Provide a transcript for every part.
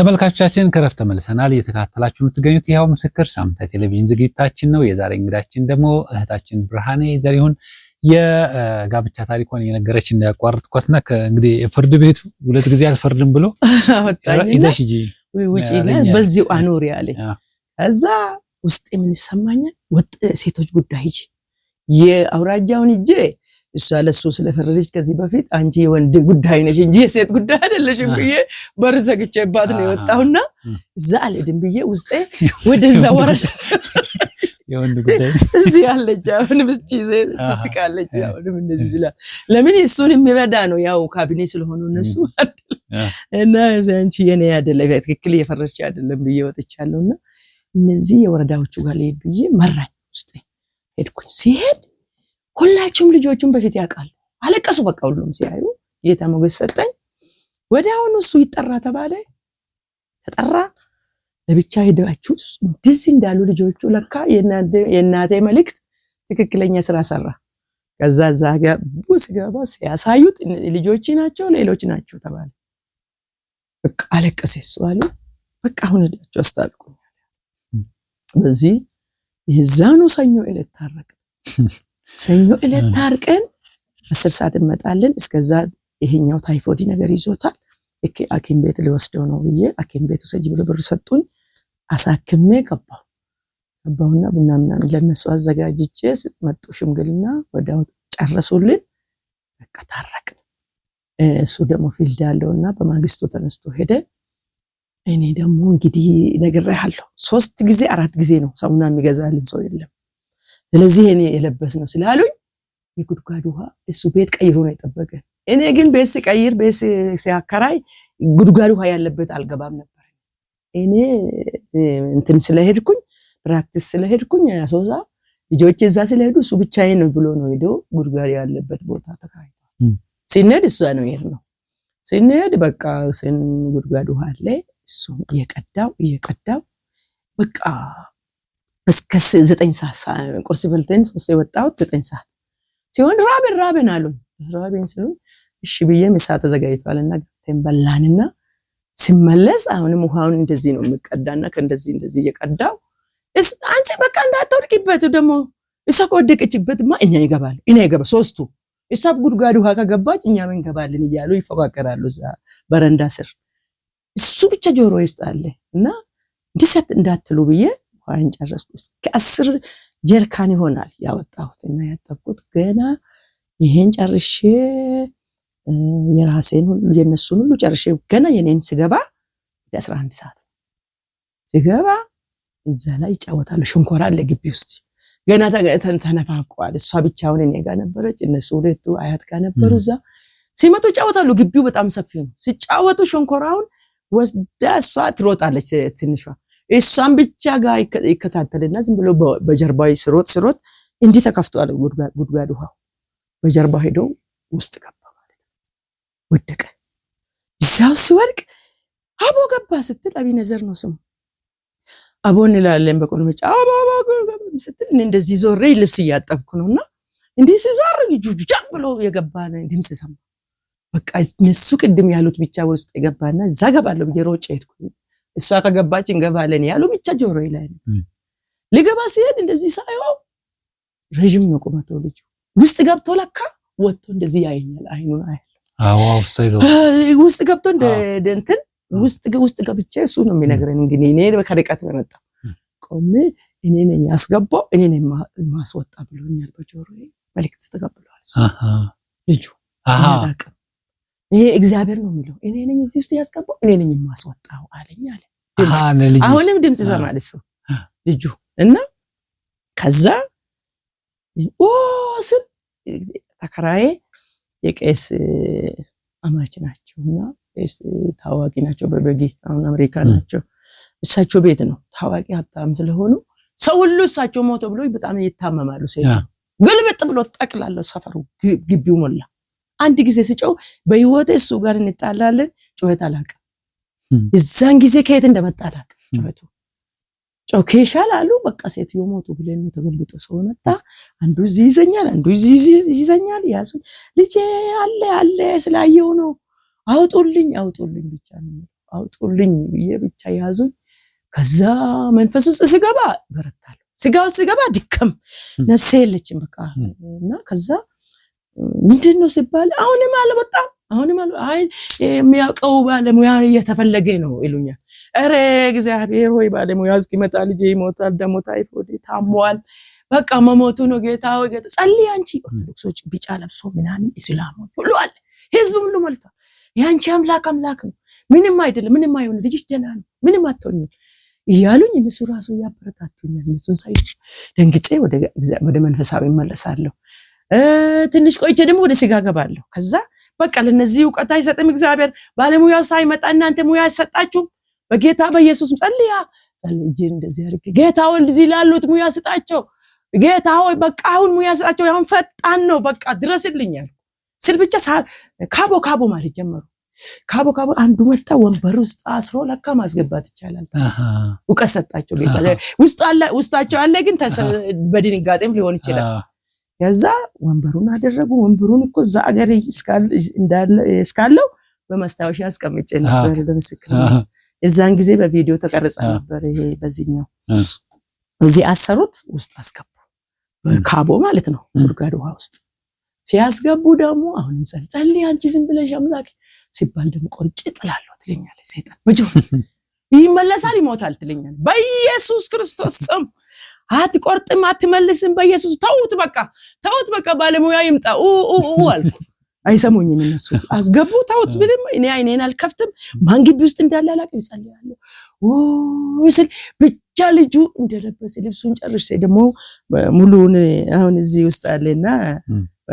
ተመልካቾቻችን ከረፍት ተመልሰናል። እየተከታተላችሁ የምትገኙት ይኸው ምስክር ሳምንታዊ ቴሌቪዥን ዝግጅታችን ነው። የዛሬ እንግዳችን ደግሞ እህታችን ብርሃኔ ዘሪሁን የጋብቻ ታሪኳን እየነገረች እንዳያቋርጥኳትና እንግዲህ ፍርድ ቤቱ ሁለት ጊዜ አልፈርድም ብሎ ይዘሽ ሂጂ ውጪ በዚሁ አኖሪ አለኝ። እዛ ውስጥ የምን ይሰማኛል ሴቶች ጉዳይ ሂጂ የአውራጃውን ሂጄ እሷ ለሱ ስለፈረደች ከዚህ በፊት አንቺ የወንድ ጉዳይ ነሽ እንጂ የሴት ጉዳይ አይደለሽም ብዬ በር ዘግቼባት ነው የወጣሁና እዛ አልሄድም ብዬ ውስጤ ወደዛ ወረደ። እዚህ አለች። አሁንም እቺ ትስቃለች። አሁንም እንደዚህ ይችላል። ለምን እሱን የሚረዳ ነው ያው ካቢኔ ስለሆኑ እነሱ እና አንቺ የኔ አደለ ትክክል እየፈረድሽ አደለም ብዬ ወጥቻለሁና እነዚህ የወረዳዎቹ ጋር ልሄድ ብዬ መራኝ ውስጤ ሄድኩኝ ሲሄድ ሁላችሁም ልጆቹን በፊት ያውቃል። አለቀሱ። በቃ ሁሉም ሲያዩ ጌታ ሞገስ ሰጠኝ። ወደ አሁኑ እሱ ይጠራ ተባለ። ተጠራ ለብቻ ሄዳችሁ እንደዚህ እንዳሉ ልጆቹ ለካ የእናቴ መልእክት ትክክለኛ ስራ ሰራ። ከዛ እዛ ገቡ። ስገባ ሲያሳዩት ልጆች ናቸው ሌሎች ናቸው ተባለ። በቃ አለቀሰ እሱ አሉ። በቃ አሁን ሄዳችሁ አስታርቁኝ። በዚህ የዛኑ ሰኞ ዕለት ታረቀ። ሰኞ ዕለት ታርቀን አስር ሰዓት እንመጣለን። እስከዛ ይሄኛው ታይፎዲ ነገር ይዞታል ሐኪም ቤት ሊወስደው ነው ብዬ ሐኪም ቤት ውሰጅ ብሎ ብር ሰጡኝ። አሳክሜ ገባሁ ገባሁና ቡና ምናምን ለነሱ አዘጋጅቼ መጡ። ሽምግልና ወዲያው ጨረሱልን። በቃ ታረቅን። እሱ ደግሞ ፊልድ ያለውና በማግስቱ ተነስቶ ሄደ። እኔ ደግሞ እንግዲህ ነግሬሃለሁ፣ ሶስት ጊዜ አራት ጊዜ ነው ሳሙና የሚገዛልን ሰው የለም። ስለዚህ እኔ የለበስ ነው ስላሉኝ የጉድጓድ ውሃ እሱ ቤት ቀይሮ ነው የጠበቀ። እኔ ግን ቤት ሲቀይር ቤት ሲያከራይ ጉድጓድ ውሃ ያለበት አልገባም ነበር። እኔ እንትን ስለሄድኩኝ ፕራክቲስ ስለሄድኩኝ ያሶዛ ልጆች እዛ ስለሄዱ እሱ ብቻዬን ነው ብሎ ነው ሄዶ ጉድጓድ ያለበት ቦታ ተከራይቷል። ሲንሄድ እሷ ነው ይሄድ ነው ሲንሄድ በቃ ጉድጓድ ውሃ አለ እሱ እየቀዳው እየቀዳው በቃ እስከ ዘጠኝ ሰዓት ቁርስ በልተን ሶስት የወጣሁት ዘጠኝ ሰዓት ሲሆን ራብን ራብን አሉኝ። ራብን ሲሉ እሺ ብዬ ምሳ ተዘጋጅቷል እና ገብተን በላንና ሲመለስ አሁንም ውሃውን እንደዚህ ነው የምቀዳና ከእንደዚህ እንደዚህ እየቀዳው አንቺ በቃ እንዳትወድቂበት ደግሞ እሷ ከወደቀችበትማ እኛ ይገባል እኛ ይገባ ሶስቱ እሷ ጉድጓድ ውሃ ከገባች እኛ ምን ገባልን እያሉ ይፎካከራሉ እዛ በረንዳ ስር። እሱ ብቻ ጆሮ ይስጣለ እና እንዲሰት እንዳትሉ ብዬ ውሃን ጨረስኩ። እስከ አስር ጀርካን ይሆናል ያወጣሁት እና ያጠብኩት። ገና ይሄን ጨርሼ የራሴን ሁሉ የነሱን ሁሉ ጨርሼ ገና የኔን ስገባ ወደ 11 ሰዓት ስገባ፣ እዛ ላይ ይጫወታሉ። ሽንኮራ አለ ግቢ ውስጥ ገና ተነፋቋል። እሷ ብቻውን እኔ ጋር ነበረች፣ እነሱ ሁለቱ አያት ጋር ነበሩ። እዛ ሲመጡ ይጫወታሉ። ግቢው በጣም ሰፊ ነው። ሲጫወቱ ሽንኮራውን ወስዳ እሷ ትሮጣለች ትንሿ እሷን ብቻ ጋር ይከታተልና ዝም ብሎ በጀርባ ስሮጥ ስሮጥ እንዲህ ተከፍቷል ጉድጓድ ውሃው በጀርባ ሄዶ ውስጥ ገባ ማለት ነው። ወደቀ። እዛ ውስጥ ሲወድቅ አቦ ገባ ስትል አቢነዘር ነው ስሙ። አቦ እንላለን በቆልመጫ አቦ ስትል እንደዚህ ዞሬ ልብስ እያጠብኩ ነው እና እንዲህ ሲዞር ጁጁጃ ብሎ የገባ ድምፅ ሰማ። በቃ እነሱ ቅድም ያሉት ብቻ ውስጥ የገባና እዛ ገባለሁ ብዬ ሮጬ ሄድኩ። እሷ ከገባች እንገባለን ያሉ ብቻ ጆሮ ላይ ነው። ሊገባ ሲሄድ እንደዚህ ሳየው ረዥም ነው ቁመቱ። ልጁ ውስጥ ገብቶ ለካ ወጥቶ እንደዚህ ያየኛል። አይኑን አያለሁ። ውስጥ ገብቶ እንደ እንትን ውስጥ ውስጥ ገብቼ እሱ ነው የሚነግረን። እንግዲህ እኔ ከርቀት ነው የመጣው። ቆሜ እኔ ነኝ ያስገባው እኔ ነኝ ማስወጣ ብሎኛል። በጆሮ መልእክት ተቀብለዋል ልጁ አላቅም ይሄ እግዚአብሔር ነው የሚለው እኔ ነኝ እዚህ ውስጥ ያስገባው እኔ ነኝ የማስወጣው አለኝ አለ። አሁንም ድምፅ ይሰማል እሱ ልጁ እና ከዛ ስል ተከራዬ የቄስ አማች ናቸው እና ቄስ ታዋቂ ናቸው፣ በበጊ አሁን አሜሪካ ናቸው። እሳቸው ቤት ነው ታዋቂ ሀብታም ስለሆኑ ሰው ሁሉ እሳቸው ሞቶ ብሎ በጣም ይታመማሉ። ሴ ግልብጥ ብሎ ጠቅላለሁ ሰፈሩ ግቢው ሞላ አንድ ጊዜ ስጮው በህይወቴ እሱ ጋር እንጣላለን። ጩኸት አላውቅም። እዛን hmm. ጊዜ ከየት እንደመጣ አላውቅም። hmm. ጩኸቱ ጮኬ አሉ። በቃ ሴትዮ ሞቱ ብለን ተገልብጦ ሰው መጣ። አንዱ እዚህ ይዘኛል፣ አንዱ እዚህ ይዘኛል። ያሱ ልጄ አለ አለ ስላየው ነው። አውጡልኝ አውጡልኝ ብቻ ነው አውጡልኝ ብዬ ብቻ ያዙኝ። ከዛ መንፈስ ውስጥ ስገባ በረታለሁ። ስጋ ውስጥ ስገባ ድከም hmm. ነፍሴ የለችም በቃ እና ከዛ ምንድን ነው ሲባል አሁንም አልወጣም አሁንም አለ አይ የሚያውቀው ባለሙያ እየተፈለገ ነው ይሉኛል። እረ እግዚአብሔር ሆይ ባለሙያ እስኪመጣ ልጅ ይሞታል፣ ደሞ ታይፎድ ታሟል፣ በቃ መሞቱ ነው። ጌታ ሆይ ጌታ ጸልይ። አንቺ ኦርቶዶክሶች ቢጫ ለብሶ ምናምን እስላሞች ሁሉ አለ፣ ህዝብ ሁሉ ሞልቷል። የአንቺ አምላክ አምላክ ነው፣ ምንም አይደለም፣ ምንም አይሆን፣ ልጅሽ ደህና ነው፣ ምንም አትሆኝ እያሉኝ እነሱ ራሱ ያበረታቱኛል። እነሱን ሳይ ደንግጬ ወደ መንፈሳዊ እመለሳለሁ። ትንሽ ቆይቼ ደግሞ ወደ ስጋ ገባለሁ። ከዛ በቃ ለነዚህ እውቀት አይሰጥም እግዚአብሔር። ባለሙያው ሳይመጣ እናንተ ሙያ አይሰጣችሁም። በጌታ በኢየሱስም ጸልያ ጸልጄ እንደዚህ አድርግ ጌታ ሆይ እንደዚህ ላሉት ሙያ ስጣቸው። ጌታ ሆይ በቃ አሁን ሙያ ስጣቸው። አሁን ፈጣን ነው በቃ ድረስልኛል ስል ብቻ ካቦ ካቦ ማለት ጀመሩ። ካቦ ካቦ አንዱ መጣ፣ ወንበር ውስጥ አስሮ ለካ ማስገባት ይቻላል። እውቀት ሰጣቸው ጌታ። ውስጣቸው አለ ግን በድንጋጤም ሊሆን ይችላል። ከዛ ወንበሩን አደረጉ። ወንበሩን እኮ እዛ አገር እስካለው በማስታወሻ አስቀምጬ ነበር ለምስክርነት። እዛን ጊዜ በቪዲዮ ተቀርጸ ነበር። ይሄ በዚህኛው እዚህ አሰሩት፣ ውስጥ አስገቡ፣ ካቦ ማለት ነው፣ ጉድጓድ ውሃ ውስጥ ሲያስገቡ ደግሞ አሁንም ጸልይ፣ አንቺ ዝም ብለሽ አምላክ ሲባል ደግሞ ቆርጬ ጥላለሁ ትለኛለች። ሴጣን በጆ ይመለሳል፣ ይሞታል ትለኛለች። በኢየሱስ ክርስቶስ ስም አትቆርጥም፣ አትመልስም። በኢየሱስ ተውት፣ በቃ ተውት፣ በቃ ባለሙያ ይምጣ አልኩ። አይሰሙኝም እነሱ አስገቡ፣ ታውት ብልም እኔ አይኔን አልከፍትም። ማን ግቢ ውስጥ እንዳለ አላውቅም። ይጸልያለሁ ስል ብቻ ልጁ እንደለበሰ ልብሱን ጨርሼ ደግሞ ሙሉውን አሁን እዚህ ውስጥ አለና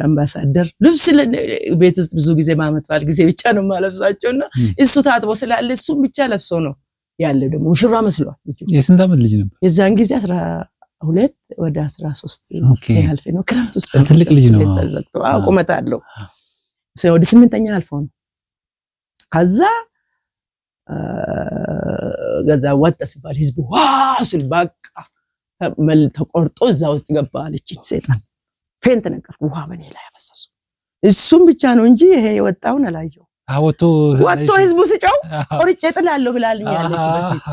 አምባሳደር ልብስ ቤት ውስጥ ብዙ ጊዜ በዓመት በዓል ጊዜ ብቻ ነው የማለብሳቸው እና እሱ ታጥቦ ስላለ እሱም ብቻ ለብሶ ነው ያለ ደግሞ ሙሽራ መስሏል። የስንት ዓመት ልጅ ነበር የዛን ጊዜ? አስራ ሁለት ወደ አስራ ሶስት ያህል ነው። ክረምት ውስጥ ትልቅ ልጅ ነው። ቁመት አለው። ወደ ስምንተኛ አልፎ ነው። ከዛ ገዛ ሲባል ህዝቡ ዋ ስል በቃ ተቆርጦ እዛ ውስጥ ገባ አለችኝ። ሴጣን ፌንት ውሃ ላይ አፈሰሱ። እሱም ብቻ ነው እንጂ ይሄ የወጣውን አላየው ወጥቶ ህዝቡ ስጨው ቆርጬ ጥላለሁ ብላል ያለች በፊት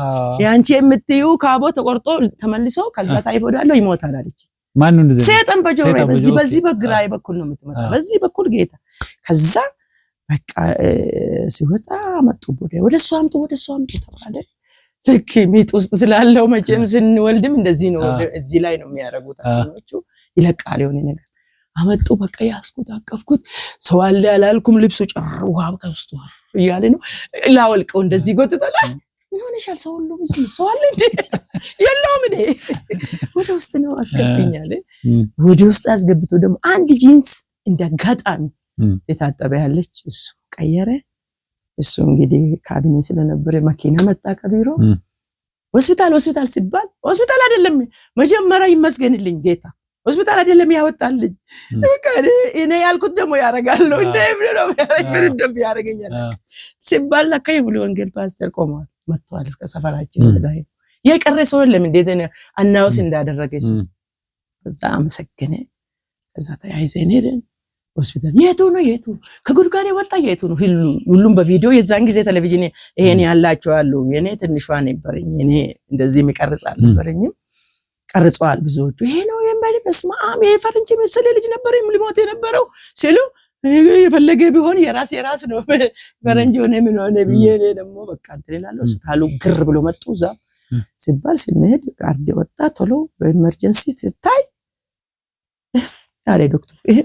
ያንቺ የምትዩ ካቦ ተቆርጦ ተመልሶ ከዛ ታይፎይድ አለው ይሞታል አለች። ሰይጣን በጆሮ በዚህ በዚህ በግራዬ በኩል ነው የምትመጣ፣ በዚህ በኩል ጌታ። ከዛ በቃ ሲወጣ መጡ ወደ እሱ አምጡ፣ ወደ እሱ አምጡ ተባለ። ልክ ሚጥ ውስጥ ስላለው መቼም ስንወልድም እንደዚህ ነው። እዚህ ላይ ነው የሚያደርጉት። ይለቃል የሆነ ነገር አመጡ። በቃ ያስኩት፣ አቀፍኩት። ሰው አለ ያላልኩም። ልብሱ ጭር ውሃ ከውስጡ እያለ ነው። ላወልቀው እንደዚህ ይጎትታል። ይሻል ሰው ሁሉ ብዙ ሰው አለ እንዴ? የለውም እኔ ወደ ውስጥ ነው አስገብኛል። ወደ ውስጥ አስገብቶ ደግሞ አንድ ጂንስ እንደ አጋጣሚ የታጠበ ያለች እሱ ቀየረ። እሱ እንግዲህ ካቢኔ ስለነበረ መኪና መጣ ከቢሮ ሆስፒታል ሆስፒታል ሲባል ሆስፒታል አይደለም መጀመሪያ ይመስገንልኝ ጌታ ሆስፒታል አይደለም ያወጣልኝ። እኔ ያልኩት ደግሞ ያደርጋለሁ እንደ ብሎ ነው እንደም ሲባል ለካ የሙሉ ወንጌል ፓስተር ቆመዋል መጥተዋል እስከ ሰፈራችን ላይ የቀረ ሰው የለም። እንዴት አናውስ እንዳደረገ ሰው እዛ አመሰገነ። እዛ ተያይዘን ሄደን ሆስፒታል የቱ ነው የቱ ከጉድጓድ የወጣ የቱ ነው ሁሉም በቪዲዮ የዛን ጊዜ ቴሌቪዥን ይሄን ያላቸው አሉ። የኔ ትንሿ ነበረኝ እኔ እንደዚህ የሚቀርጽ አልነበረኝም። ቀርጸዋል ብዙዎቹ ይሄ ነው መሐመድ በስመ አብ የፈረንጅ መሰለ ልጅ ነበር ሊሞት የነበረው ሲሉ የፈለገ ቢሆን የራስ የራስ ነው። ፈረንጅ ሆነ ምን ሆነ ብዬ እኔ ደግሞ በቃ እንትን እላለሁ። ሆስፒታሉ ግር ብሎ መጡ። እዛ ሲባል ስንሄድ ካርድ ወጣ። ቶሎ በኤመርጀንሲ ሲታይ አሬ ዶክተር ይሄ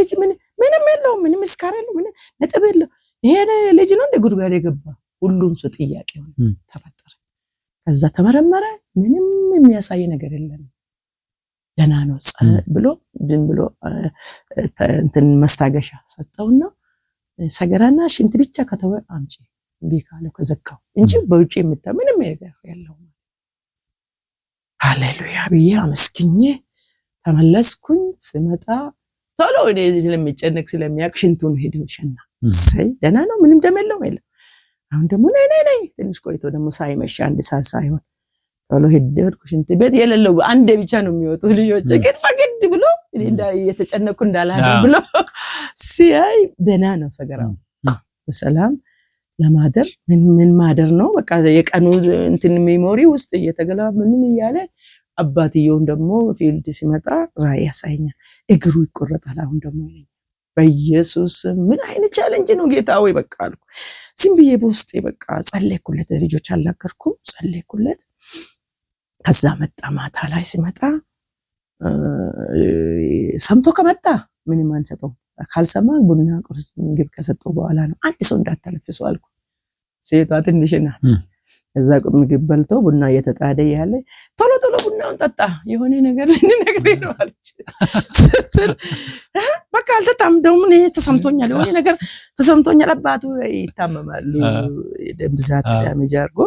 ልጅ ምንም የለው ምንም ስካር የለው ምን ነጥብ የለው ይሄ ልጅ ነው እንደ ጉድጓድ የገባ ሁሉም ሰው ጥያቄ ሆነ ተፈጠረ። ከዛ ተመረመረ። ምንም የሚያሳይ ነገር የለም። ደህና ነው ብሎ ዝም ብሎ እንትን መስታገሻ ሰጠውና ሰገራና ሽንት ብቻ ከተወ አምጪ እምቢ ከዘጋው እንጂ በውጭ የምታ ምንም ነገር ያለው ሃሌሉያ ብዬ አመስግኜ ተመለስኩኝ። ስመጣ ቶሎ እኔ ስለሚጨነቅ ስለሚያውቅ ሽንቱን ሄደው ሸና ሰይ ደህና ነው ምንም ደም የለውም የለም። አሁን ደግሞ ነይ ነይ ነይ ትንሽ ቆይቶ ደግሞ ሳይመሽ አንድ ሰዓት ሳይሆን ቶሎ ሂድ ሄድኩ ሽንት ቤት የሌለው አንዴ ብቻ ነው የሚወጡት ልጆች ግን ፈገድ ብሎ እየተጨነኩ እንዳላለ ብሎ ሲያይ ደህና ነው ሰገራ በሰላም ለማደር ምን ማደር ነው በቃ የቀኑ እንትን ሜሞሪ ውስጥ እየተገለባ ምንም እያለ አባትየውን ደግሞ ፊልድ ሲመጣ ራይ ያሳይኛል እግሩ ይቆረጣል አሁን ደግሞ በኢየሱስ ምን አይነት ቻለንጅ ነው ጌታ ወይ በቃ አልኩ። ዝም ብዬ በውስጤ በቃ ጸለይኩለት፣ ለልጆች አልናገርኩም፣ ጸለይኩለት። ከዛ መጣ። ማታ ላይ ሲመጣ ሰምቶ ከመጣ ምንም አንሰጠው፣ ካልሰማ ቡና ቁርስ፣ ምግብ ከሰጠው በኋላ ነው። አንድ ሰው እንዳታለፍሱ አልኩ። ሴቷ ትንሽ ናት። እዛ ምግብ በልቶ ቡና እየተጣደ ያለ ቶሎ ቶሎ ቡናውን ጠጣ፣ የሆነ ነገር ልንነግሬ ነው አለች ስትል አልጠጣም። እንደውም እኔ ተሰምቶኛል፣ የሆነ ነገር ተሰምቶኛል። አባቱ ይታመማሉ፣ ደም ብዛት ዳሜጅ አድርጎ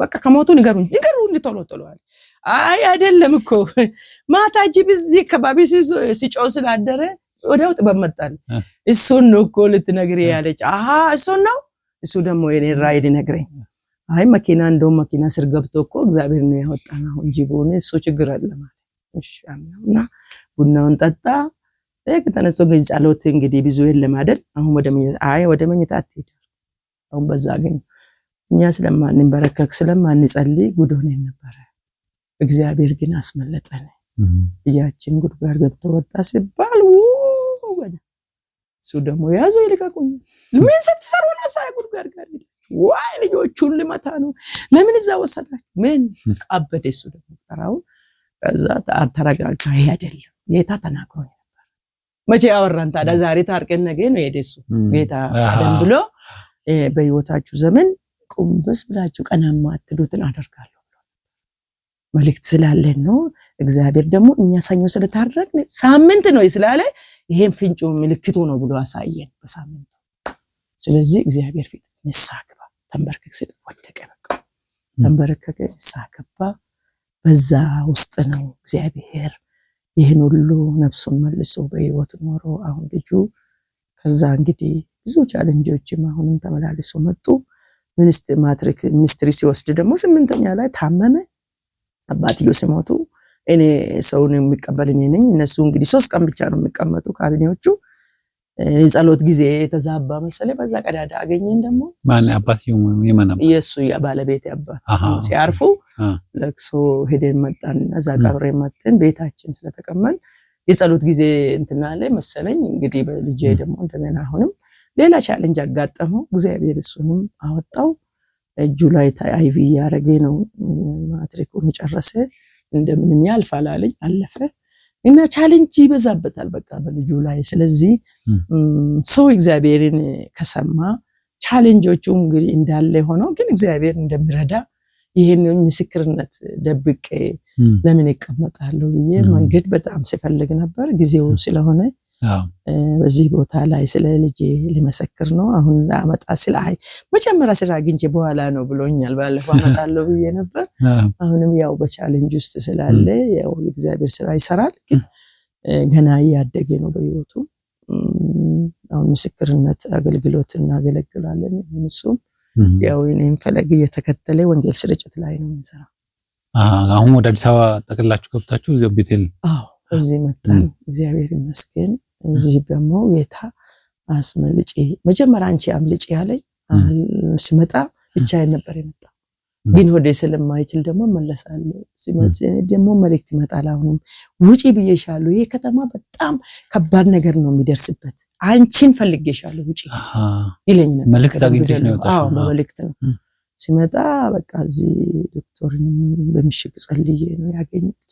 በቃ ከሞቱ ንገሩ ንገሩ እንድቶሎ ጥሏል። አይ አይደለም እኮ ማታ ጅብ እዚህ አካባቢ ሲጮው ስላደረ ወዲያው ጥበብ መጣል። እሱን ነው እኮ ልትነግሪ ያለች። አሀ እሱን ነው። እሱ ደግሞ የኔ ራይድ ነግረኝ። አይ መኪና እንደውም መኪና ስር ገብቶ እኮ እግዚአብሔር ነው ያወጣን አሁን ጅቡን እሱ ችግር አለማ እሺ። እና ቡናውን ጠጣ። ከተነሶ እንግዲህ ጸሎት እንግዲህ ብዙ የለም አይደል? አሁን ወደ መኝታ አይ ወደ መኝታ አትሄድ። አሁን በዛ አገኝ እኛ ስለማንበረከክ ስለማንጸልይ ጉድ ሆነን ነበረ። እግዚአብሔር ግን አስመለጠን። እያችን ጉድ ጋር ገብቶ ወጣ ሲባል ወደ እሱ ደግሞ ያዙ ይልቀቁኝ፣ ምን ስትሰሩ ነው? ሳይ ጉድ ጋር ጋር ዋይ ልጆቹን ልመታ ነው። ለምን እዛ ወሰዳችሁ? ምን ቀበደ እሱ ደግሞ ጠራው። ከዛ ተረጋጋ። ይሄ አይደለም ጌታ ተናግሮኝ መቼ ያወራን ታዲያ? ዛሬ ታርቀን ነገ ነው የሄደ እሱ ጌታ አደም ብሎ በህይወታችሁ ዘመን ቁምብስ ብላችሁ ቀናማ አትሉትን አደርጋለሁ መልእክት ስላለን ነው። እግዚአብሔር ደግሞ እኛ ሰኞ ስለታረቅን ሳምንት ነው ስላለ ይሄን ፍንጩ ምልክቱ ነው ብሎ አሳየን በሳምንቱ። ስለዚህ እግዚአብሔር ፊት ንስሐ ግባ ተንበረከክ ስል ወደቀ በቃ ተንበረከከ፣ ንስሐ ገባ። በዛ ውስጥ ነው እግዚአብሔር ይህን ሁሉ ነፍሱን መልሶ በህይወት ኖሮ አሁን ልጁ ከዛ እንግዲህ ብዙ ቻለንጆችም አሁንም ተመላልሶ መጡ። ማትሪክ ሚኒስትሪ ሲወስድ ደግሞ ስምንተኛ ላይ ታመመ። አባትዮ ሲሞቱ እኔ ሰውን የሚቀበል እኔ ነኝ። እነሱ እንግዲህ ሶስት ቀን ብቻ ነው የሚቀመጡ ካቢኔዎቹ። የጸሎት ጊዜ የተዛባ መሰለኝ በዛ ቀዳዳ አገኘን። ደግሞ የእሱ ባለቤት አባት ሲያርፉ ለቅሶ ሄደን መጣን። እዛ ቀብሬ መጥተን ቤታችን ስለተቀመን የጸሎት ጊዜ እንትና ላይ መሰለኝ እንግዲህ በልጄ ደግሞ እንደገና አሁንም ሌላ ቻለንጅ አጋጠመው። እግዚአብሔር እሱንም አወጣው። እጁ ላይ አይቪ እያደረገ ነው። ማትሪኩን ጨረሰ። እንደምንም ያልፋል አለኝ አለፈ። እና ቻለንጅ ይበዛበታል በቃ በልጁ ላይ። ስለዚህ ሰው እግዚአብሔርን ከሰማ ቻሌንጆቹ እንግዲህ እንዳለ ሆነው ግን እግዚአብሔር እንደሚረዳ ይህን ምስክርነት ደብቄ ለምን ይቀመጣለሁ ብዬ መንገድ በጣም ሲፈልግ ነበር። ጊዜው ስለሆነ በዚህ ቦታ ላይ ስለ ልጄ ሊመሰክር ነው። አሁን ለአመጣ ስለ አይ መጀመሪያ ስራ አግኝቼ በኋላ ነው ብሎኛል። ባለፈው አመጣለሁ ብዬ ነበር። አሁንም ያው በቻሌንጅ ውስጥ ስላለ ያው የእግዚአብሔር ስራ ይሰራል። ግን ገና እያደገ ነው በህይወቱ። አሁን ምስክርነት አገልግሎት እናገለግላለን። እሱም ያው እኔም ፈለግ እየተከተለ ወንጌል ስርጭት ላይ ነው የምንሰራው። አሁን ወደ አዲስ አበባ ጠቅላችሁ ገብታችሁ እዚያው ቤቴል አዎ፣ እዚህ መጣን። እግዚአብሔር ይመስገን። እዚህ ደግሞ ጌታ አስመልጬ መጀመሪያ አንቺ አምልጪ ያለኝ ሲመጣ ብቻዬን ነበር የመጣው ግን ሆዴ ስለማይችል ደግሞ መለሳለሁ። ሲመስለኝ ደግሞ መልእክት ይመጣል። አሁንም ውጪ ብዬሻለሁ። ይሄ ከተማ በጣም ከባድ ነገር ነው የሚደርስበት። አንቺን ፈልጌሻለሁ ውጪ ይለኝ ነበር። መልእክት ነው አዎ፣ ነው ሲመጣ በቃ እዚህ ዶክተርን በምሽግ ጸልዬ ነው ያገኘት።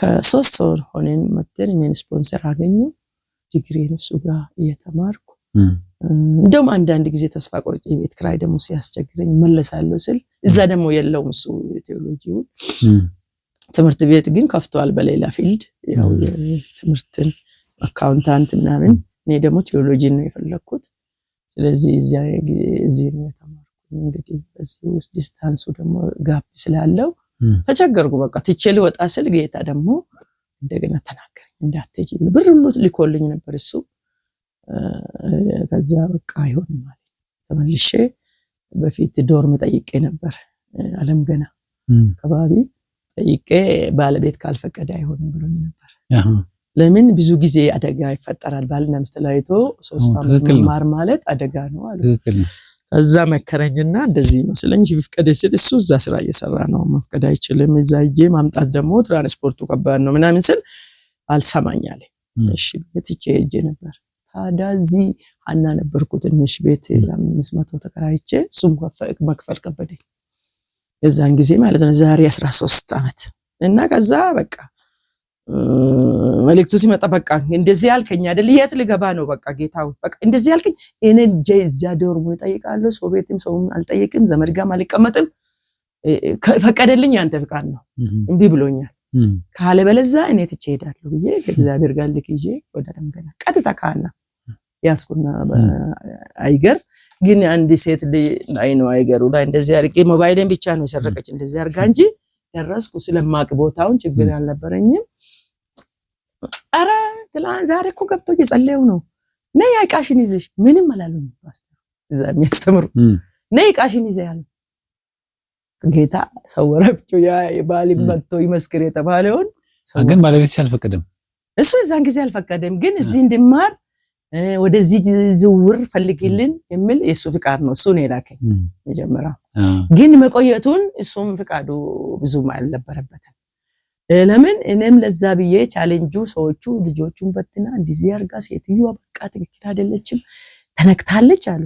ከሶስት ወር ሆነን መጥተን እኔን ስፖንሰር አገኘ። ዲግሪን እሱ ጋር እየተማርኩ እንደውም አንዳንድ ጊዜ ተስፋ ቆርጬ የቤት ክራይ ደግሞ ሲያስቸግረኝ መለሳለሁ ስል እዛ ደግሞ የለውም እሱ የቴዎሎጂውን ትምህርት ቤት ግን ከፍቷል። በሌላ ፊልድ ያው ትምህርትን አካውንታንት ምናምን፣ እኔ ደግሞ ቴዎሎጂን ነው የፈለግኩት። ስለዚህ እዚህ ነው የተማርኩት። እንግዲህ በዚህ ውስጥ ዲስታንሱ ደግሞ ጋፕ ስላለው ተቸገርኩ። በቃ ትቼ ልወጣ ስል ጌታ ደግሞ እንደገና ተናገረኝ፣ እንዳትሄጂ ብር ሁሉ ልኮልኝ ነበር እሱ። ከዛ በቃ አይሆንም ማለት ተመልሼ በፊት ዶርም ጠይቄ ነበር። አለም ገና አካባቢ ጠይቄ ባለቤት ካልፈቀደ አይሆንም ብሎ ነበር። ለምን ብዙ ጊዜ አደጋ ይፈጠራል። ባልና ሚስት ተለያይቶ ሶስት ዓመት መማር ማለት አደጋ ነው አለ። እዛ መከረኝና እንደዚህ ይመስለኝ ፍቀደ ስል እሱ እዛ ስራ እየሰራ ነው መፍቀድ አይችልም። እዛ እጄ ማምጣት ደግሞ ትራንስፖርቱ ከባድ ነው ምናምን ስል አልሰማኝ አለ። እሺ ብዬ ትቼ ሄጄ ነበር። ታዳዚ አና ነበርኩ ትንሽ ቤት አምስት መቶ ተከራይቼ እሱም መክፈል ከበደኝ የዛን ጊዜ ማለት ነው ዛሬ አስራ ሶስት ዓመት እና ከዛ በቃ መልእክቱ ሲመጣ በቃ እንደዚህ ያልከኝ አይደል? የት ልገባ ነው? በቃ ጌታው በቃ እንደዚህ ያልከኝ እኔ ጀዛ ዶርሞ እጠይቃለሁ። ሰው ቤትም ሰውም አልጠይቅም፣ ዘመድ ጋም አልቀመጥም። ፈቀደልኝ፣ ያንተ ፍቃድ ነው። እምቢ ብሎኛል። ካለ በለዛ እኔ ትቼ ሄዳለሁ ብዬ ከእግዚአብሔር ጋር ልክ ይዤ ወደ ደምገና ቀጥታ ካህና ያስኩና አይገር ግን አንድ ሴት ላይ ነው አይገሩ ላይ እንደዚህ አድርጌ ሞባይልን ብቻ ነው የሰረቀች እንደዚህ አድርጋ እንጂ ደረስኩ። ስለማቅ ቦታውን ችግር አልነበረኝም። አረ ትላንት ዛሬ እኮ ገብቶ እየጸለየው ነው። ነይ ዕቃሽን ይዘሽ ምንም አላሉኝ። ፓስተር እዛ የሚያስተምሩ ነይ ዕቃሽን ይዘ ያሉ ጌታ ሰወረብችው ባል መጥቶ ይመስክር የተባለውን ግን ባለቤት አልፈቀደም። እሱ እዛን ጊዜ አልፈቀደም፣ ግን እዚህ እንድማር ወደዚህ ዝውውር ፈልግልን የሚል የእሱ ፍቃድ ነው። እሱ ነው የላከኝ መጀመሪያ። ግን መቆየቱን እሱም ፍቃዱ ብዙም አልነበረበትም። ለምን እኔም ለዛ ብዬ ቻሌንጁ ሰዎቹ ልጆቹን በትና እንዲዚህ አርጋ ሴትዮዋ በቃ ትክክል አይደለችም ተነክታለች አሉ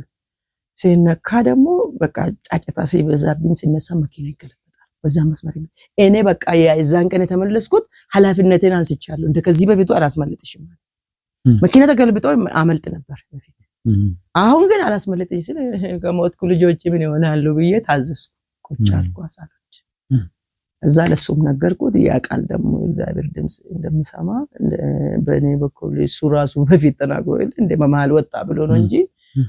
ሲነካ ደግሞ በቃ ጫጫታ ሲበዛብኝ ሲነሳ መኪና ይገለበጣል። በዛ መስመር እኔ በቃ የዛን ቀን የተመለስኩት ኃላፊነቴን አንስቻለሁ። እንደ ከዚህ በፊቱ አላስመለጥሽም። መኪና ተገልብጦ አመልጥ ነበር በፊት። አሁን ግን አላስመለጥኝ ስለ ከሞትኩ ልጆች ምን ይሆናሉ ብዬ ታዘዝኩ። ቁጭ አልኩ። አሳሎች እዛ ለሱም ነገርኩት። ያ ቃል ደግሞ እግዚአብሔር ድምፅ እንደምሰማ በእኔ በኩል እሱ ራሱ በፊት ተናግሮ እንደ መመሃል ወጣ ብሎ ነው እንጂ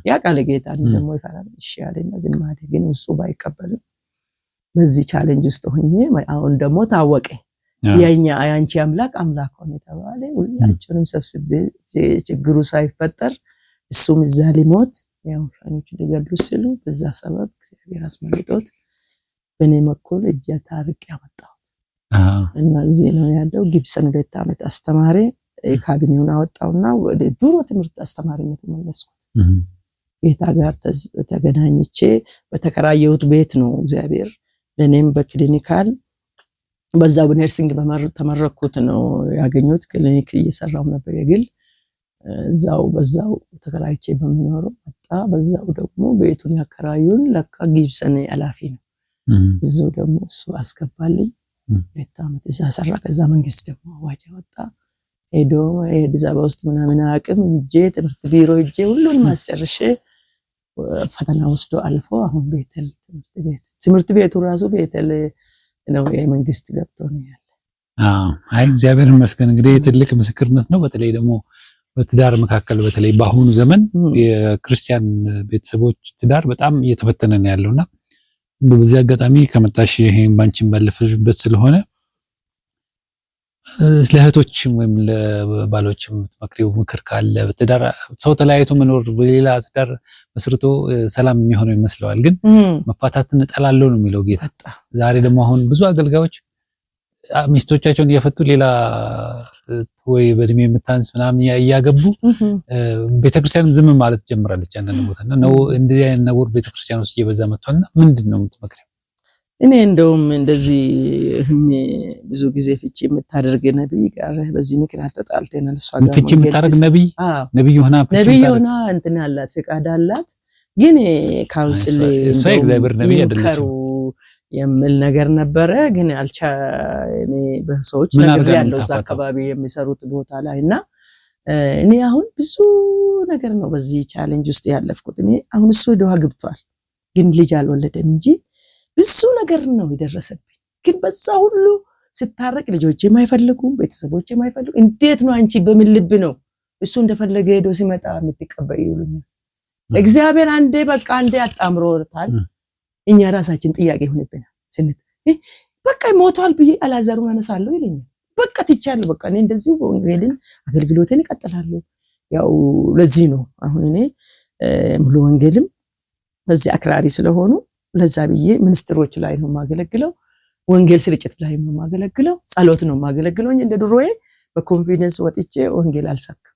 ያ ቃል ጌታ ደግሞ ይፈራል። እሺ ያለኝ ዝም አለ። ግን እሱ ባይቀበልም በዚህ ቻሌንጅ ውስጥ ሆኜ አሁን ደግሞ ታወቀ የኛ ያንቺ አምላክ አምላክ ሆነ የተባለ ሁላችንም ሰብስቤ ችግሩ ሳይፈጠር እሱም እዛ ሊሞት ያው ሻኞቹ ሊገሉ ሲሉ በዛ ሰበብ እግዚአብሔር አስመልጦት በእኔ በኩል እጀ ታርቅ ያመጣሁት እና እዚህ ነው ያለው። ጊብሰን ሁለት ዓመት አስተማሪ ካቢኔውን አወጣውና ወደ ድሮ ትምህርት አስተማሪነት መለስኩት። ጌታ ጋር ተገናኝቼ በተከራየሁት ቤት ነው እግዚአብሔር ለእኔም በክሊኒካል በዛ በነርሲንግ ተመረኩት ነው ያገኙት። ክሊኒክ እየሰራው ነበር የግል እዛው በዛው ተከራይቼ በሚኖሩ መጣ። በዛው ደግሞ ቤቱን ያከራዩን ለካ ጊብሰን ኃላፊ ነው። እዚሁ ደግሞ እሱ አስገባልኝ ሁለት ዓመት እዛ ሰራ። ከዛ መንግስት ደግሞ አዋጅ ወጣ። ሄዶ አዲስ አበባ ውስጥ ምናምን አቅም እጄ ትምህርት ቢሮ እጄ ሁሉን ማስጨርሼ ፈተና ወስዶ አልፎ አሁን ቤተል ትምህርት ቤት ትምህርት ቤቱ ራሱ ቤተል ነው የመንግስት ገብቶ ነው ያለ። አይ እግዚአብሔር ይመስገን። እንግዲህ ትልቅ ምስክርነት ነው። በተለይ ደግሞ በትዳር መካከል በተለይ በአሁኑ ዘመን የክርስቲያን ቤተሰቦች ትዳር በጣም እየተፈተነ ነው ያለውና በዚህ አጋጣሚ ከመጣሽ ይሄን ባንቺን ባለፈበት ስለሆነ ለእህቶችም ወይም ለባሎችም የምትመክሪው ምክር ካለ ትዳር ሰው ተለያይቶ መኖር በሌላ ትዳር መስርቶ ሰላም የሚሆነው ይመስለዋል፣ ግን መፋታትን እጠላለሁ ነው የሚለው ጌታ። ዛሬ ደግሞ አሁን ብዙ አገልጋዮች ሚስቶቻቸውን እየፈቱ ሌላ ወይ በእድሜ የምታንስ ምናምን እያገቡ ቤተክርስቲያንም ዝም ማለት ጀምራለች። አንዳንድ ቦታ ነው እንደዚህ አይነት ነገር ቤተክርስቲያን ውስጥ እየበዛ መጥቷልና ምንድን ነው የምትመክሪው? እኔ እንደውም እንደዚህ ህሜ ብዙ ጊዜ ፍቺ የምታደርግ ነቢይ ጋር በዚህ ምክንያት ተጣልተናል። እሷ ጋር ፍቺ የምታደርግ ነቢይ ነብይ ሆና ነቢይ ሆና እንትን አላት ፍቃድ አላት፣ ግን ካውንስል እግዚአብሔር ነቢይ ይምከሩ የምል ነገር ነበረ። ግን አልቻ እኔ በሰዎች ነገር ያለው እዛ አካባቢ የሚሰሩት ቦታ ላይ እና እኔ አሁን ብዙ ነገር ነው በዚህ ቻሌንጅ ውስጥ ያለፍኩት። እኔ አሁን እሱ ደዋ ግብቷል፣ ግን ልጅ አልወለደም እንጂ ብዙ ነገር ነው የደረሰብኝ። ግን በዛ ሁሉ ስታረቅ ልጆች የማይፈልጉም ቤተሰቦች የማይፈልጉ እንዴት ነው አንቺ በምን ልብ ነው እሱ እንደፈለገ ሄዶ ሲመጣ የምትቀበይ ይሉኛል። እግዚአብሔር አንዴ በቃ አንዴ አጣምሮታል። እኛ ራሳችን ጥያቄ ይሆንብናል። ስንት በቃ ሞቷል ብዬ አላዘሩን አነሳለሁ ይለኛል። በቃ ትቻለሁ። በቃ እኔ እንደዚህ ወንጌልን አገልግሎትን ይቀጥላሉ ያው ለዚህ ነው አሁን እኔ ሙሉ ወንጌልም በዚህ አክራሪ ስለሆኑ ለዛ ብዬ ሚኒስትሮች ላይ ነው የማገለግለው፣ ወንጌል ስርጭት ላይ ነው የማገለግለው፣ ጸሎት ነው የማገለግለው። እንደ ድሮዬ በኮንፊደንስ ወጥቼ ወንጌል አልሰብክም።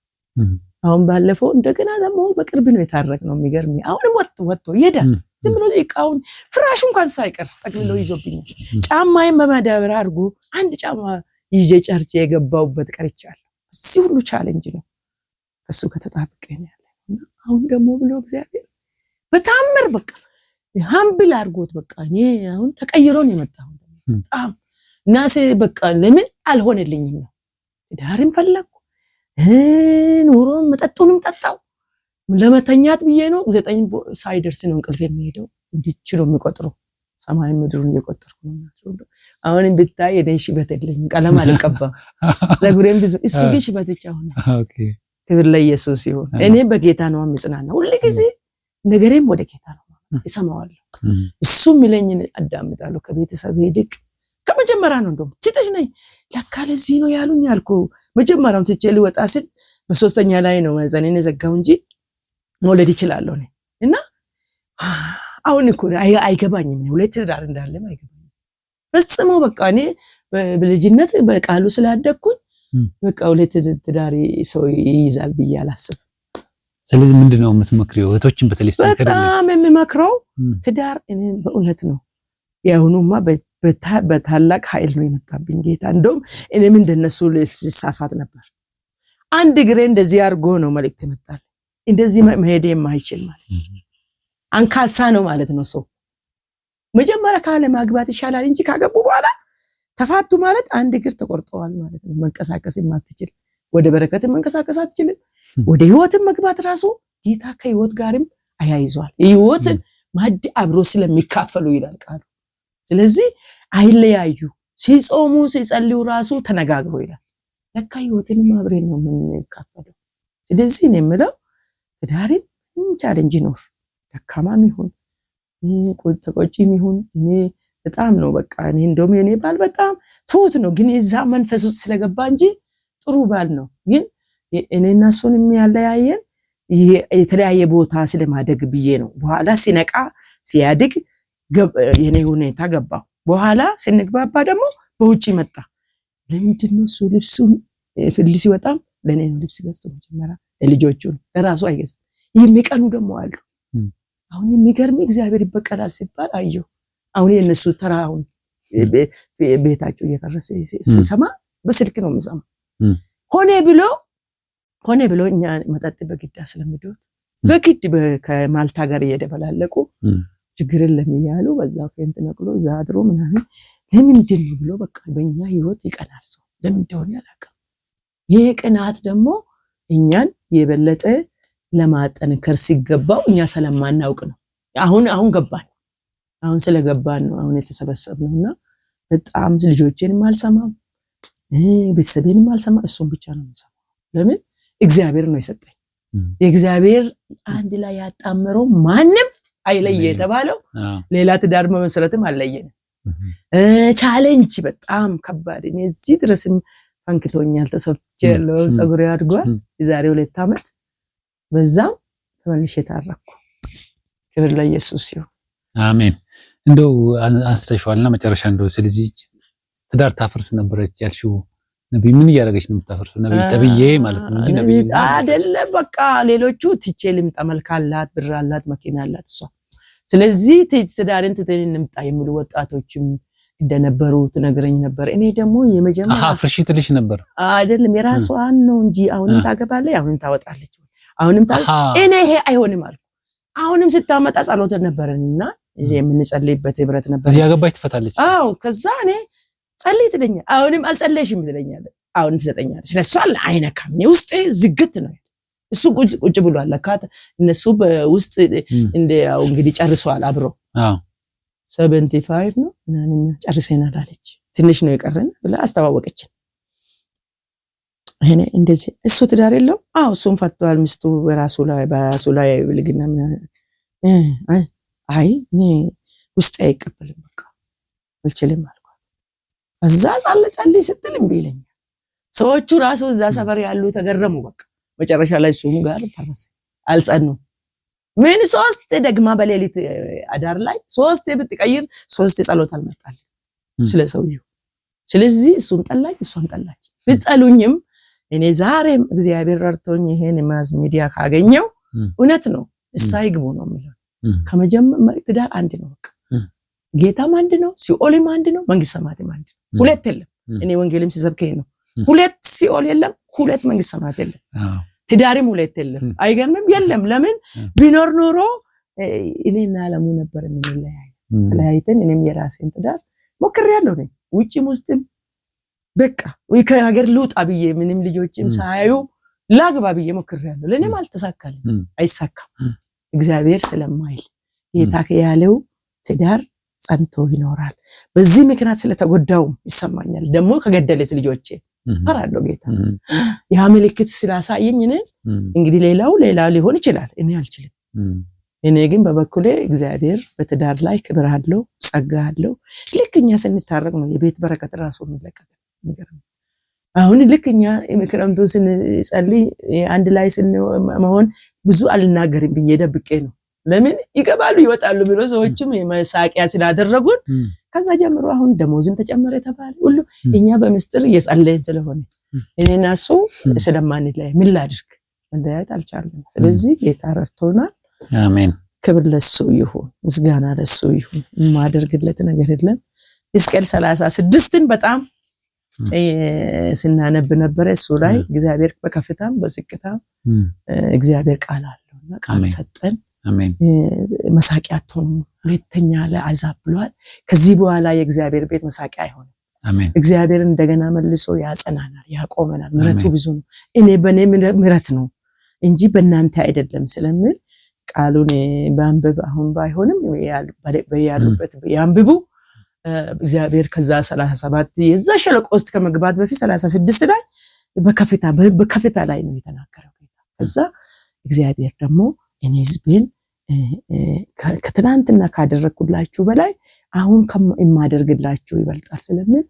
አሁን ባለፈው እንደገና ደግሞ በቅርብ ነው የታረቅ ነው የሚገርም። አሁንም ወጥቶ ይሄዳል ዝም ብሎ እቃውን ፍራሽ እንኳን ሳይቀር ጠቅልሎ ይዞብኛል። ጫማይን በመዳበር አድርጎ አንድ ጫማ ይዤ ጨርቼ የገባውበት ቀርቻለሁ። እዚህ ሁሉ ቻለንጅ ነው ከሱ ከተጣብቀኝ ያለ አሁን ደግሞ ብሎ እግዚአብሔር በታምር በቃ ሀምብል አድርጎት በቃ እኔ አሁን ተቀይሮ ነው የመጣሁ በጣም እናሴ በቃ ለምን አልሆነልኝም ነው ዳርም ፈለግኩ ኑሮን መጠጡንም ጠጣው ለመተኛት ብዬ ነው። ዘጠኝ ሳይደርስ ነው እንቅልፍ የሚሄደው። እንዲች ነው የሚቆጥሩ ሰማይ ምድሩን እየቆጠርኩ ነው አሁንም ብታይ የኔ ሽበት የለኝም፣ ቀለም አልቀባም፣ ጸጉሬም ብዙ እሱ ግን ሽበት ብቻ ሆነ። ክብር ለኢየሱስ ይሁን። እኔ በጌታ ነው የምጽናና ሁልጊዜ ነገሬም ወደ ጌታ ነው። እሰማዋለሁ። እሱ የሚለኝን አዳምጣለሁ። ከቤተሰብ ይልቅ ከመጀመሪያ ነው። እንደውም ትተሽ ነይ ለካ ለዚህ ነው ያሉኝ አልኩ። መጀመሪያም ትቼ ልወጣ ስል በሶስተኛ ላይ ነው የዘጋው እንጂ መውለድ ይችላለሁ እና አሁን እኮ አይገባኝም። ሁለት ትዳር እንዳለም አይገባኝም ፈጽሞ። በቃ እኔ በልጅነት በቃሉ ስላደግኩኝ በቃ ሁለት ትዳር ሰው ይይዛል ብዬ አላስብም። ስለዚህ ምንድን ነው የምትመክሪው? እህቶችን በተለይ በጣም የምመክረው ትዳር እኔ በእውነት ነው የአሁኑማ በታላቅ ኃይል ነው የመጣብኝ ጌታ። እንደውም እኔም እንደነሱ ልሳሳት ነበር። አንድ እግሬ እንደዚህ አድርጎ ነው መልእክት ይመጣል። እንደዚህ መሄድ የማይችል ማለት ነው፣ አንካሳ ነው ማለት ነው። ሰው መጀመሪያ ካለ ማግባት ይሻላል እንጂ ካገቡ በኋላ ተፋቱ ማለት አንድ እግር ተቆርጠዋል ማለት ነው። መንቀሳቀስ የማትችል ወደ በረከት መንቀሳቀስ አትችልም። ወደ ህይወትን መግባት ራሱ ጌታ ከህይወት ጋርም አያይዟል። ህይወትን ማዕድ አብሮ ስለሚካፈሉ ይላል ቃሉ። ስለዚህ አይለያዩ፣ ሲጾሙ ሲጸልዩ ራሱ ተነጋግሮ ይላል። ለካ ህይወትንም አብሬ ነው የምንካፈለው። ስለዚህ ነው የምለው ትዳሪም እንጂ ኖር ደካማም ይሁን ተቆጪም ይሁን እኔ በጣም ነው በቃ እኔ እንደውም የኔ ባል በጣም ትሁት ነው፣ ግን የዛ መንፈስ ውስጥ ስለገባ እንጂ ጥሩ ባል ነው ግን እኔና እነሱን የሚያለያየን የተለያየ ቦታ ስለማደግ ብዬ ነው። በኋላ ሲነቃ ሲያድግ የኔ ሁኔታ ገባው። በኋላ ስንግባባ ደግሞ በውጭ መጣ። ለምንድነው እሱ ልብሱን ፍል ሲወጣም ለእኔ ነው ልብስ ገዝቶ መጀመሪያ ለልጆቹ ነው፣ ለራሱ አይገዛም። የሚቀኑ ደግሞ አሉ። አሁን የሚገርም እግዚአብሔር ይበቀላል ሲባል አየሁ። አሁን የእነሱ ተራውን ቤታቸው እየፈረሰ ሰማ፣ በስልክ ነው የምሰማ ሆኔ ብሎ ሆነ ብሎ እኛ መጠጥ በግድ አስለምዶት በግድ ከማልታ ጋር እየደበላለቁ ችግርን ለሚያሉ በዛ ፌንት ነቅሎ እዛ አድሮ ምናምን ለምንድን ብሎ በቃ በእኛ ህይወት ይቀናል ሰው ለምንደሆን ያላቀም ይሄ ቅናት ደግሞ እኛን የበለጠ ለማጠንከር ሲገባው እኛ ስለማናውቅ ነው። አሁን አሁን ገባን። አሁን ስለገባን ነው አሁን የተሰበሰብነው እና በጣም ልጆቼንም አልሰማም ቤተሰቤንም አልሰማም። እሱም ብቻ ነው የምሰማው ለምን እግዚአብሔር ነው የሰጠኝ። የእግዚአብሔር አንድ ላይ ያጣመረው ማንም አይለየ የተባለው ሌላ ትዳር መመስረትም አለየንም። ቻሌንጅ በጣም ከባድ እዚህ ድረስም ፈንክቶኛል፣ ተሰፍቼ ያለው ፀጉሬ አድጓል። የዛሬ ሁለት ዓመት በዛም ተመልሼ ታረኩ። ክብር ለኢየሱስ ይሁን። አሜን። እንደው አንስተሽዋልና መጨረሻ እንደው ስለዚህ ትዳር ታፈርስ ነበረች ያልሽው ነቢይ ምን እያደረገች ነው የምታፈርሰው? ነብይ ተብዬ ማለት ነው እንጂ አደለ። በቃ ሌሎቹ ትቼ ልምጣ፣ መልክ አላት፣ ብር አላት፣ መኪና አላት እሷ። ስለዚህ ትዳርን ትተን እንምጣ የሚሉ ወጣቶችም እንደነበሩ ትነግረኝ ነበር። እኔ ደግሞ የመጀመሪያ ፍርሺ ትልሽ ነበር አይደለም። የራሷን ነው እንጂ አሁንም ታገባለች፣ አሁንም ታወጣለች፣ አሁንም ታ እኔ ይሄ አይሆንም አልኩ። አሁንም ስታመጣ ጸሎት ነበረንና እዚህ የምንጸልይበት ህብረት ነበር። ያገባች ትፈታለች። አዎ ከዛ እኔ ጸልይ ትለኛል። አሁንም አልጸለይሽም ትለኛል። አሁን ትሰጠኛል። ስለሷ አይነካም። እኔ ውስጤ ዝግት ነው። እሱ ቁጭ ብሏል። ለካት እነሱ በውስጥ እንደው እንግዲህ ጨርሰዋል አብሮ ሰቨንቲ ፋይቭ ነው ምናምን ጨርሰናል አለች። ትንሽ ነው የቀረን ብላ አስተዋወቀችን። እኔ እንደዚህ እሱ ትዳር የለው አው እሱም ፈቷል። ሚስቱ በራሱ ላይ በራሱ ላይ ብልግና አይ እኔ ውስጤ አይቀበልም። በቃ አልችልም እዛ ጻለ ጸልይ ስትል እምቢ ይለኛል። ሰዎቹ ራሱ እዛ ሰፈር ያሉ ተገረሙ። በቃ መጨረሻ ላይ ሱሙ ጋር ፈረሰ። አልጸኑ ምን ሶስት ደግማ በሌሊት አዳር ላይ ሶስት ብትቀይር ሶስት ጸሎት አልመጣልኝ ስለ ሰውየው። ስለዚህ እሱም ጠላች እሷም ጠላች። ብትጸሉኝም እኔ ዛሬም እግዚአብሔር ረድቶኝ ይሄን ማዝ ሚዲያ ካገኘው እውነት ነው እሳይ ግቡ ነው የሚለው ከመጀመር ትዳር አንድ ነው። በቃ ጌታም አንድ ነው፣ ሲኦልም አንድ ነው፣ መንግስት ሰማትም አንድ ነው። ሁለት የለም። እኔ ወንጌልም ሲሰብከኝ ነው። ሁለት ሲኦል የለም፣ ሁለት መንግስት ሰማያት የለም፣ ትዳርም ሁለት የለም። አይገርምም? የለም። ለምን ቢኖር ኖሮ እኔና አለሙ ነበር የምንለያይ። ተለያይተን እኔም የራሴን ትዳር ሞክሬያለሁ። ነኝ ውጭም ውስጥም በቃ ከሀገር ልውጣ ብዬ ምንም ልጆችም ሳያዩ ላግባ ብዬ ሞክሬያለሁ። ለእኔም አልተሳካልኝ፣ አይሳካም። እግዚአብሔር ስለማይል ጌታ ያለው ትዳር ጸንቶ ይኖራል። በዚህ ምክንያት ስለተጎዳውም ይሰማኛል። ደግሞ ከገደለስ ልጆቼ ፈራለሁ ጌታ። ያ ምልክት ስላሳየኝ እኔ እንግዲህ ሌላው ሌላ ሊሆን ይችላል፣ እኔ አልችልም። እኔ ግን በበኩሌ እግዚአብሔር በትዳር ላይ ክብር አለው፣ ጸጋ አለው። ልክ እኛ ስንታረቅ ነው የቤት በረከት ራሱ የሚለቀቅ አሁን ልክ እኛ ክረምቱን ስንጸልይ አንድ ላይ መሆን ብዙ አልናገርም ብዬ ደብቄ ነው ለምን ይገባሉ ይወጣሉ ብሎ ሰዎችም መሳቂያ ስላደረጉን ከዛ ጀምሮ አሁን ደሞዝም ተጨመረ የተባለ ሁሉ እኛ በምስጥር እየጸለይን ስለሆነ እኔና እሱ ስለማንለያይ ምን ላድርግ መለያየት አልቻለም። ስለዚህ ጌታ ረድቶናል። አሜን። ክብር ለሱ ይሁን፣ ምስጋና ለሱ ይሁን። የማደርግለት ነገር የለም። ሕዝቅኤል ሰላሳ ስድስትን በጣም ስናነብ ነበረ። እሱ ላይ እግዚአብሔር በከፍታም በዝቅታም እግዚአብሔር ቃል አለውና ቃል ሰጠን። መሳቂያ አትሆኑ፣ ሁለተኛ ለአዛብ ብሏል። ከዚህ በኋላ የእግዚአብሔር ቤት መሳቂያ አይሆንም። እግዚአብሔር እንደገና መልሶ ያጸናናል፣ ያቆመናል። ምረቱ ብዙ ነው። እኔ በእኔ ምረት ነው እንጂ በእናንተ አይደለም ስለምል ቃሉን በአንብብ አሁን ባይሆንም ያሉበት ያንብቡ። እግዚአብሔር ከዛ ሰላሳ ሰባት የዛ ሸለቆ ውስጥ ከመግባት በፊት ሰላሳ ስድስት ላይ በከፍታ ላይ ነው የተናገረው። ከዛ እግዚአብሔር ደግሞ እኔ ህዝቤን ከትናንትና ካደረግኩላችሁ በላይ አሁን የማደርግላችሁ ይበልጣል ስለምን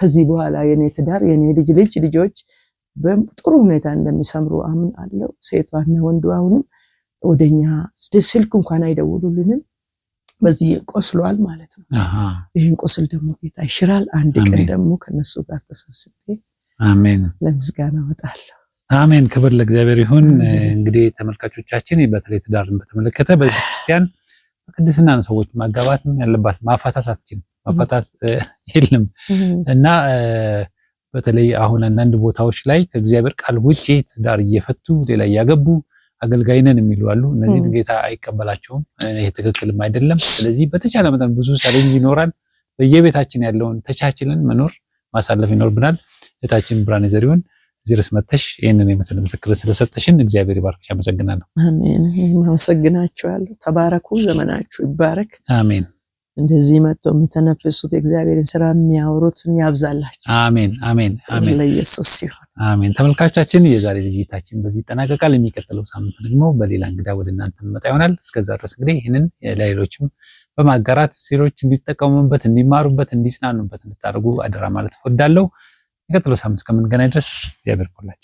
ከዚህ በኋላ የኔ ትዳር የኔ ልጅ ልጅ ልጆች ጥሩ ሁኔታ እንደሚሰምሩ አምን አለው። ሴቷና ወንዱ አሁንም ወደኛ ስልክ እንኳን አይደውሉልንም። በዚህ ቆስሏል ማለት ነው። ይህን ቁስል ደግሞ ጌታ ይሽራል። አንድ ቀን ደግሞ ከነሱ ጋር ተሰብስቤ ለምስጋና እወጣለሁ። አሜን። ክብር ለእግዚአብሔር ይሁን። እንግዲህ ተመልካቾቻችን በተለይ ትዳርን በተመለከተ በዚህ ክርስቲያን በቅድስና ነው ሰዎች ማጋባት ያለባት። ማፋታት አትችልም፣ ማፋታት የለም እና በተለይ አሁን አንዳንድ ቦታዎች ላይ ከእግዚአብሔር ቃል ውጭ ትዳር እየፈቱ ሌላ እያገቡ አገልጋይነን ነን የሚሉ አሉ። እነዚህን ጌታ አይቀበላቸውም። ይሄ ትክክልም አይደለም። ስለዚህ በተቻለ መጠን ብዙ ቻሌንጅ ይኖራል። በየቤታችን ያለውን ተቻችለን መኖር ማሳለፍ ይኖርብናል። እህታችን ብርሃኔ ዘሪሁን እዚህ ድረስ መጥተሽ ይህንን የመሰለ ምስክር ስለሰጠሽን እግዚአብሔር ይባርክሽ። አመሰግናለሁ። አሜን። አመሰግናችኋለሁ። ተባረኩ። ዘመናችሁ ይባረክ። አሜን። እንደዚህ መጥቶ የሚተነፍሱት የእግዚአብሔርን ስራ የሚያወሩትን ያብዛላችሁ። አሜን፣ አሜን፣ አሜን። ለኢየሱስ ሲሆን አሜን። ተመልካቾቻችን የዛሬ ዝግጅታችን በዚህ ይጠናቀቃል። የሚቀጥለው ሳምንት ደግሞ በሌላ እንግዳ ወደ እናንተ እንመጣ ይሆናል። እስከዛ ድረስ እንግዲህ ይህንን ለሌሎችም በማጋራት ሌሎች እንዲጠቀሙበት፣ እንዲማሩበት፣ እንዲጽናኑበት እንድታደርጉ አደራ ማለት እወዳለሁ። የቀጥሎ ሳምንት እስከምንገናኝ ድረስ ያበርኩላችሁ።